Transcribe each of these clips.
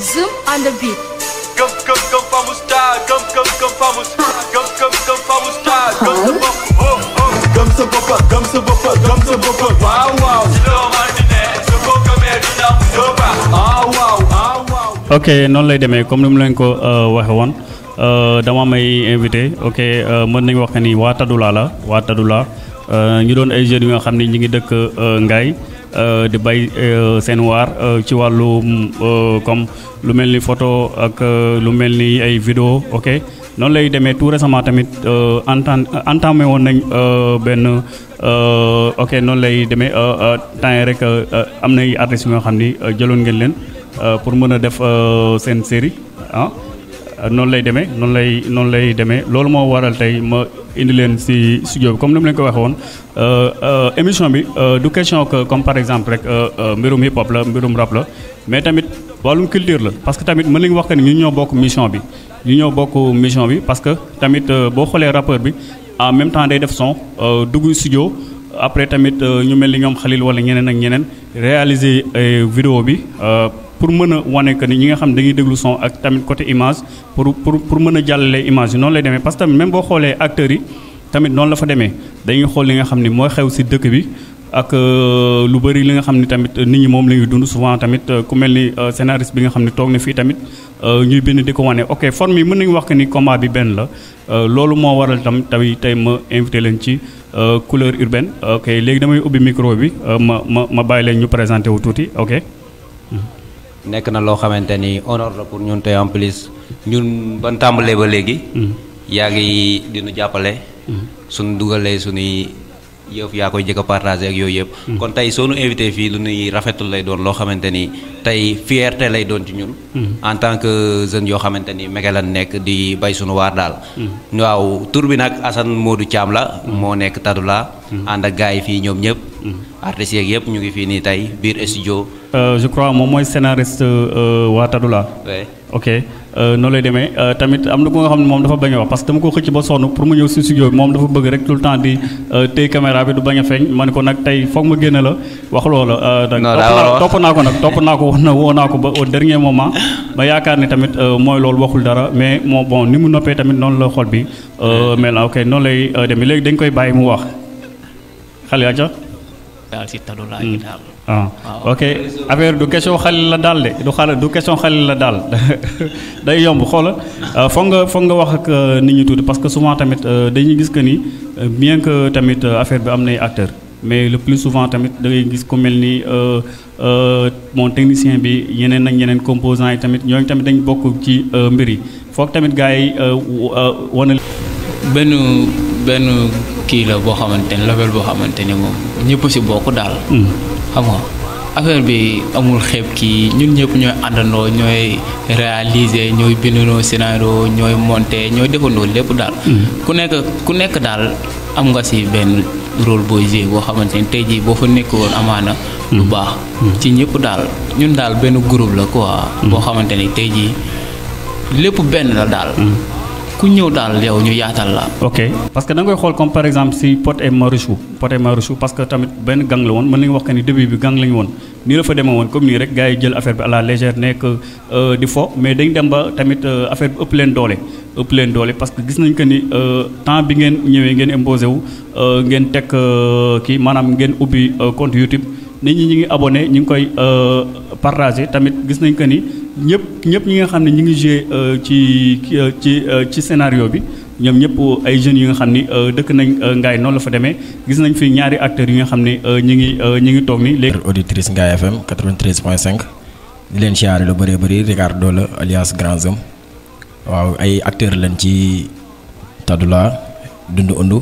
Zoom on the beat. Come, come, come, vamos dar. Come, come, come, vamos. Come, come, come, vamos dar. Come, come, oh, oh. Come, so papa, come, so papa, come, so papa. Wow, wow. ok noonu lay demee comme ni mu leen ko euh, waxe woon euh, dama may invité ok euh, mën nañu wax que ni waa Tadoula la waa Tadoula ñu doon ay jeunes yi nga xam ne ñu ngi dëkk Ngaye Euh, di bay euh, seen waar euh, ci wàllum comme lu mel ni photo ak lu mel ni ay vidéo ok noonu lay demee tout récemment tamit entam entamé woon nañ benn ok noonu lay demee temps rek am nay artistes yi nga xam ni jëloon ngeen leen pour mën a def seen série ah? noonu lay demee noonu lay noonu lay demee loolu moo waral tey ma indi leen si studio bi comme ni mu leen ko waxee euh, euh, émission bi euh, du question que comme par exemple rek mbirum hip hop la mbirum rap la mais tamit wàllum culture la parce que tamit mën nañu wax que ni ñu ñoo bokk mission bi ñu ñoo bokk mission bi parce que tamit boo xoolee rappeur bi en même temps day def son dugg studio après tamit ñu mel ni ñoom xalil wala ñeneen ak ñeneen réaliser vidéo bi pour mën a wane que ni ñi nga xam ne dañuy déglu son ak tamit côté image pour pour pour mën a jàllale image yi noonu lay demee parce que tamit même boo xoolee acteurs yi tamit noonu la fa demee dañuy xool li nga xam ni mooy xew si dëkk bi ak euh, lu bëri li nga xam ni tamit nit ñi moom la dund souvent tamit euh, ku mel ni euh, scénariste bi nga xam ne toog na fii tamit ñuy bind di ko wane ok forme yi mën nañu wax que ni combat bi benn la loolu moo waral tam tey tey ma invité leen ci couleur urbaine ok léegi damay ubbi micro bi ma ma ma bàyyi leen ñu présenté wu tuuti ok. nekk na loo xamante ni honneur la pour ñun tey en plus ñun ban tàmbalee ba léegi. Mm-hmm. yaa ngi dinu jàppale. Mm-hmm. suñ dugalee suñuy yëf yaa koy jëkk a ak yooyu yëpp. Mm-hmm. kon tey soo nu invité fii lu nuy rafetul lay doon loo xamante ni tey fierté lay doon ci ñun. en tant que jeunes yoo xamante ni mege lan nekk di bay suñu waar daal. waaw tur bi nag Assane Modou Thiam la. moo nekk la ànd ak gars yi fii ñoom ñëpp. Mm-hmm. artistes yeeg ñu ngi fii nii tey biir studio. Euh, je crois moom mooy scénariste euh, waa Tadula. ok euh, noo lay demee tamit am na ko nga xam ne moom dafa bañ wax parce que dama ko xëcc ba sonn pour mu ñëw si studio moom dafa bëgg rek tout le temps di téye caméra bi du bañ a feeñ ma ne ko nag tey foog ma génne la wax loola. non topp naa ko nag topp naa ko woon na woo naa ko ba au dernier moment. ma yaakaar ni tamit mooy loolu waxul dara mais moom bon ni mu noppee tamit noonu la xol bi. mais la ok noonu lay demee léegi dañ koy bàyyi mu wax daal si talo laa ngi daal. Ah. waaw ok affaire du question xalil la daal de du xale du question xalil la daal day yomb xoola euh, foog nga foog nga wax ak euh, nit ñi tuuti parce que souvent tamit euh, dañuy gis que ni bien que tamit affaire bi am nay acteurs mais le plus souvent tamit da ngay gis ku mel ni mon technicien bi yeneen ak yeneen composants yi tamit ñooñu tamit dañ bokk ci mbir yi foog tamit gars yi wane benn. benn kii la boo xamante ni label boo xamante ni moom ñëpp si bokk daal. Hmm. xam nga affaire bi amul xepp kii ñun ñëpp ñooy àndandoo ñooy réaliser ñooy bindandoo scénario ñooy monter ñooy defandoo lépp daal. Hmm. ku nekk ku nekk daal am nga si benn rôle booy jouer boo xamante ni tey jii boo fa nekk woon amaana. Hmm. lu baax ci ñëpp daal ñun daal benn groupe la quoi. boo xamante ni tey jii lépp benn la daal. ku ñëw daal yow ñu yaatal la. ok parce que da nga koy xool comme par exemple si Pod et Marichou Pod et Marichou parce que tamit benn gang la woon mën nañu wax que ni début bi gang la ñu woon nii la fa demee woon comme nii rek gars jël affaire bi à la nekk euh, di fo mais dañ dem ba tamit euh, affaire bi ëpp leen doole. ëpp leen doole parce que gis nañ que ni euh, temps bi ngeen ñëwee ngeen imposé wu ngeen teg kii maanaam ngeen ubbi compte YouTube nit ñi ñu ngi abonné ñu ngi koy partagé tamit gis nañ que ni. ñëpp ñëpp ñi nga xam ne ñu ngi joué euh, ci euh, ci euh, ci scénario bi ñoom ñëpp ay jeunes yu nga xam ni dëkk nañ Ngaye noonu la fa demee gis nañ fi ñaari acteurs yi nga xam ne ñu ngi ñu ngi toog ni léegi. auditrice Ngaye FM 93.5 di leen siyaare lu bëree bëri Ricardo la alias Grand Homme waaw ay acteurs lañ ci Taddoula Dundu Undu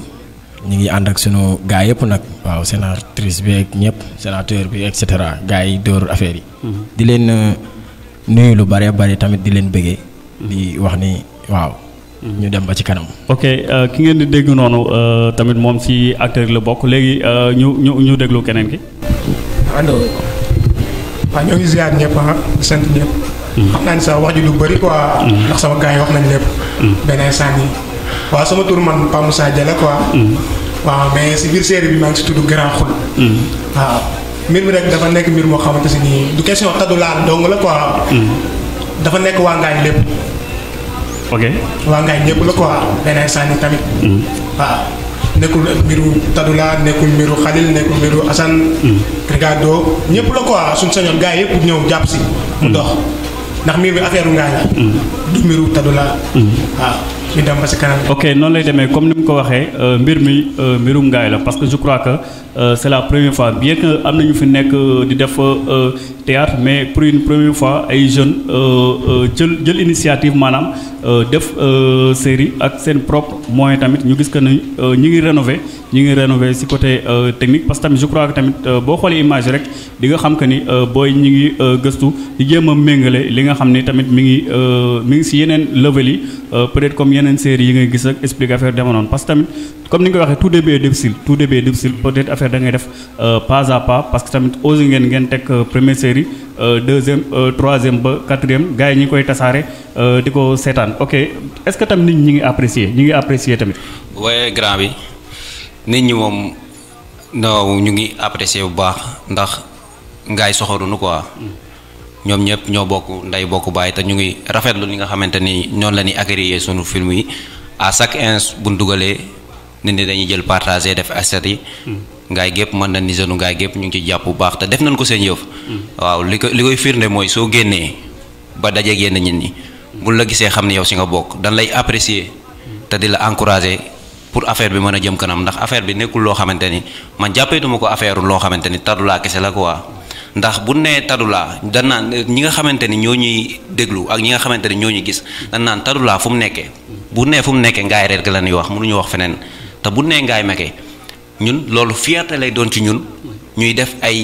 ñu ngi ànd ak sunu gars yëpp nag. waaw sénatrice bi ak ñëpp sénateur bi et cetera gars yi dóor affaire yi. Mm-hmm. di leen. nuyu lu bare bari tamit di leen bëggee li wax ni waaw mm-hmm. ñu dem ba ci kanam. ok euh, ki ngeen di dégg noonu euh, tamit moom si acteur la bokk léegi euh, ñu ñu ñu déglu keneen ki. allo. waaw ñoo ngi ziar ñëpp ah sant mm-hmm. sax wax ji lu bëri quoi. Mm-hmm. ndax sama gars yi wax nañ lépp. beneen sànni waaw sama tur man Pa Moussa Dia la quoi. mais si biir série bi maa ngi si tudd Grand Xul. waaw. mbir mi rek dafa nekk mbir moo xamante si nii du question tadu laal dong la quoi hmm. dafa nekk waa lépp ok waa ngaañ ñëpp la quoi beneen tamit hmm. waaw khalil nekul miru asan hmm. rigado ñepp la quoi suñ sañon gaay yépp ñew japp ci mu dox ndax miru affaireu ngaay la du miru tadula waaw ok non lay démé comme nim ko waxé mbir mi miru ngaay euh, euh, la parce que je crois que Euh, c'est la première fois bien que nous euh, euh, théâtre mais pour une première fois les jeunes euh, initiative faire def série ak série propre moyen que rénover rénover côté technique parce que je crois que image rek di vous que ni vous avez ngi di peut-être comme série parce que comme tout début difficile tout début est difficile peut-être affaire da ngay def euh, pas à pas parce que tamit osé ngeen ngeen teg euh, première série euh, deuxième troisième ba quatrième gars yi ñi koy tasaare di ko ok est ce que tam nit ñi ngi apprécier ñi ngi apprécier tamit. waaye grand bi nit ñi moom non ñu ngi apprécier bu baax ndax ngaay soxorunu quoi. ñoom ñëpp ñoo bokk nday bokk bàyyi te ñu ngi rafetlu li nga la agréé sunu film yi à chaque ins bu dugalee nit ñi dañuy jël def yi hmm gaay gep man na nizanu gaay gep ñu ci japp bu baax ta def nañ ko seen yëf waaw li koy firnde mooy soo génnee ba daje yenn nit ñi bu la yow si nga dan lay apprécier te di la encourager pour affaire bi mën a jëm kanam ndax affaire bi nekkul loo xamante ni man jàppeetuma ko affaire loo xamante ni tadulaa kese la quoi ndax bu dan nan ñi nga xamante ni ñoo ñuy déglu ak ñi nga ñoo ñuy gis dan nan tadulaa fu mu fumneke bu nee fu mu nekkee ngaay reer ga la ñuy wax bu ñun loolu fierté lay doon ci ñun ñuy def ay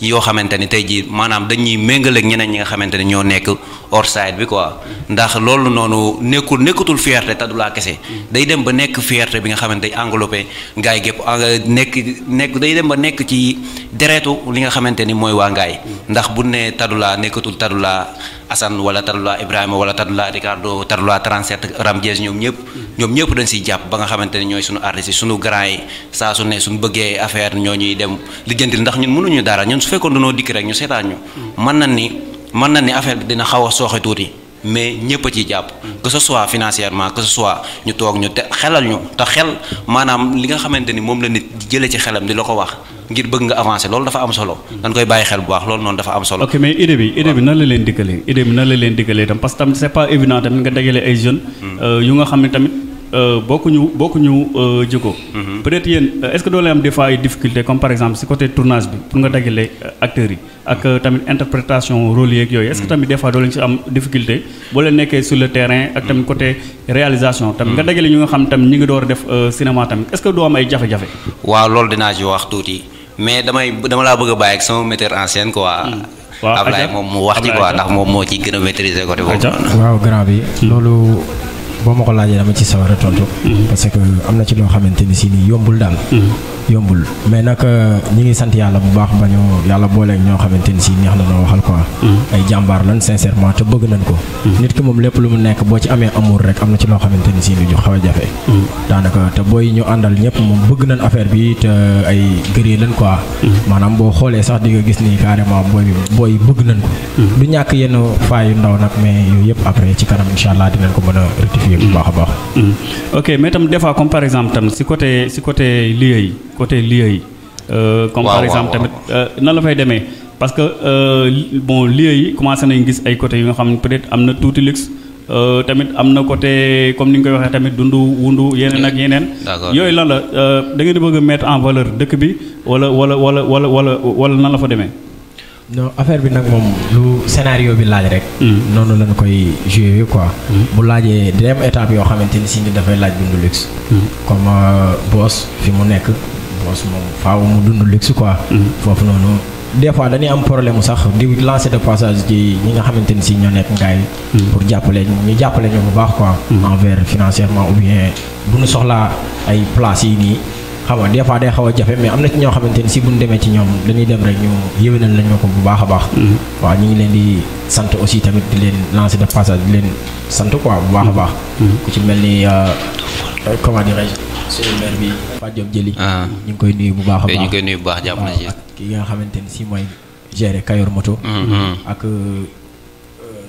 yoo xamante ni tey manam maanaam dañuy méngaleeg ñeneen ñi nga xamante ne ñoo nekk hors-side bi quoi ndax loolu noonu nekkul nekkatul fierté te du laa kese day dem ba nekk fierté bi nga xamante day englobé ngaay ah, nekk nekk day dem ba nekk ci deretu li nga xamante ni mooy waa ngaay ndax bu ne tadulaa nekkatul tadulaa Assane wala tadulaa Ibrahima wala tadulaa Ricardo tadulaa 37 Ram Diaz ñoom ñëpp ñoom ñëpp dañ siy jàpp ba nga xamante ne ñooy suñu artistes yi suñu grand yi saa su ne suñu affaire ñuy dem lijjantil ndax ñun mënuñu dara ñun su fekkoon dañoo dikk rek ñu seetaan ñu. mën na ni mën na ni affaire bi dina xaw a sooxe tuuti mais ñëpp a ciy jàpp. que ce soit financièrement que ñu toog ñu te xelal ñu te xel maanaam li nga xamante ni moom la nit di jëlee ci xelam di la ko wax ngir bëgg nga avancer loolu dafa am solo. dañ koy bàyyi xel bu baax loolu noonu dafa am solo. ok mais idée bi idée bi nan la leen dikkalee idée bi nan la leen dikkalee tam parce tam c'est pas évident nga dajale Euh, bokkuñu bokkuñu euh, jikko. Mm-hmm. peut-être yéen euh, est-ce que doo leen am des fois ay difficultés comme par exemple si côté tournage bi pour nga dajale acteurs yi ak tamit interprétation rôle yeeg yooyu. est-ce que mm-hmm. tamit des doo leen si am difficulté boo leen nekkee su le terrain ak tamit mm-hmm. côté réalisation. tamit nga dajale ñu nga xam tamit ñu ngi door def cinéma tamit est-ce que doo am ay jafe-jafe. waaw loolu dinaa ci wax tuuti mais damay dama laa bëgg a bàyyi ak sama metteur en scène quoi. Mm. waaw Ablaye wax ci quoi ndax moom moo ci gën a côté boobu. waaw grand boo ma ko laajee dama ci sawar a tontu. Mhm. parce que am na ci loo xamante ni si nii yombul daal. Mhm. yombul mais nag euh, ñi ngi sant yàlla bu baax ba ñu yàlla booleeg ñoo xamante ni si neex na noo waxal quoi. Mhm. ay jàmbaar lan sincèrement te bëgg nañ ko. nit ki moom lépp lu mu nekk boo ci amee amour rek am na ci loo xamante ni si lu ñu xaw a jafe. daanaka te booy ñu àndal ñëpp moom bëgg nañ affaire bi te euh, ay gëree lan quoi. maanaam boo xoolee sax di nga gis ni carrément booy booy bëgg nañ ko. du ñàkk yenn faa yu ndaw nag mais yooyu a bu baax a baax. Mm. ok mais tam des comme par exemple tam si côté si côté lieux yi côté lieux yi. Euh, comme par exemple tamit euh, nan la fay demee. parce que euh, bon lieux yi commencé nañ gis ay côté yu nga xam ne peut-être am na tuuti luxe tamit am na côté comme ni nga koy waxee tamit dundu wundu yeneen ak yeneen. yooyu lan la da ngeen di bëgg a mettre en valeur dëkk bi wala wala wala wala wala wala nan la fa demee. no affaire bi nag moom lu scénario bi laaj rek. Mm. noonu lañu koy joué quoi. Mm. bu laajee dem am étape yoo xamante ni si ni dafay laaj dund luxe. Mm. comme euh, boss fi mu nekk boss moom faaw mu dundu luxe quoi. foofu noonu. des fois dañuy am problème sax di lancer de passage ci ñi nga xamante ni si ñoo nekk ngaay pour jàppale ñu jàppale ñu bu baax quoi. envers financièrement ou bien bu ñu soxlaa ay places yi nii. xam nga des fois day xaw a jafe mais am na ci ñoo xamante ni si buñ demee ci ñoom dañuy dem rek ñu yéwénal lañu ko bu baax a baax mm-hmm. waaw ñu ngi leen di sant aussi tamit di leen lancer de passage di leen sant quoi bu baax a baax mm-hmm. ku ci mel ni euh, euh, comment dirais-je suñu maire bi Fatou Diop Jëli ah. ñu ngi koy nuyu bu baax a eh, baax ñu ngi bu baax jàpp na ci ki nga xamante ni si mooy gérer Kayor moto mm-hmm. euh,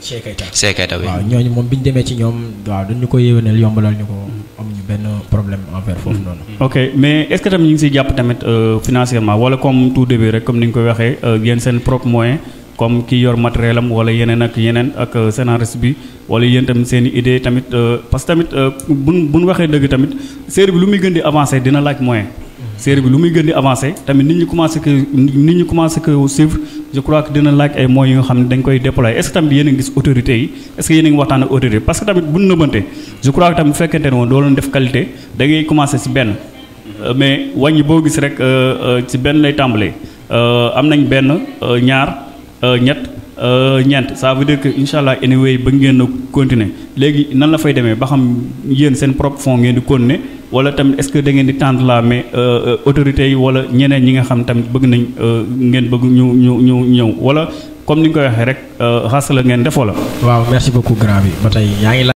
Cheikh Keita Cheikh Keita bi waaw ñooñu moom bi ñu demee ci ñoom waaw dañu ko yéwénal yombalal ñu ko mm. amuñu benn problème envers foofu noonu. Mm. ok mais est ñu ngi siy jàpp tamit euh, financièrement wala comme tout début rek comme ni nga ko waxee euh, yéen seen propre moyen comme ki yor matériel am yeneen ak yeneen ak euh, scénariste bi wala yéen tamit seen idée tamit parce tamit buñ buñ waxee dëgg tamit série bi lu muy gën di avancer dina laaj moyen. Mm. série bi lu di avancer tamit je crois que dina laaj ay moyens yoo xam ne dañ koy déployer est ce que tamit yéen a ngi gis autorités yi est ce que yéen a ngi waxtaan ak autorité parce que tamit bu ñu nëbbante je crois que tamit bu fekkente ne woon doo leen def qualité da ngay commencer ci benn euh, mais wàññi boo gis rek euh, euh, ci benn lay tàmbalee am nañ benn ñaar ñett ñeent ça veut dire que incha allah anyway ba ngeen a continuer léegi nan la fay demee ba xam yéen seen propre fond ngeen di continuer wala tamit est-ce que da di tendre la main euh, euh, autorités yi wala ñeneen ñi nga xam tamit bëgg nañ euh, ngeen bëgg ñu ñu ñu ñëw wala comme ni nga koy waxee rek xas la ngeen defoo la. waaw merci beaucoup grand bi ba tey yaa ngi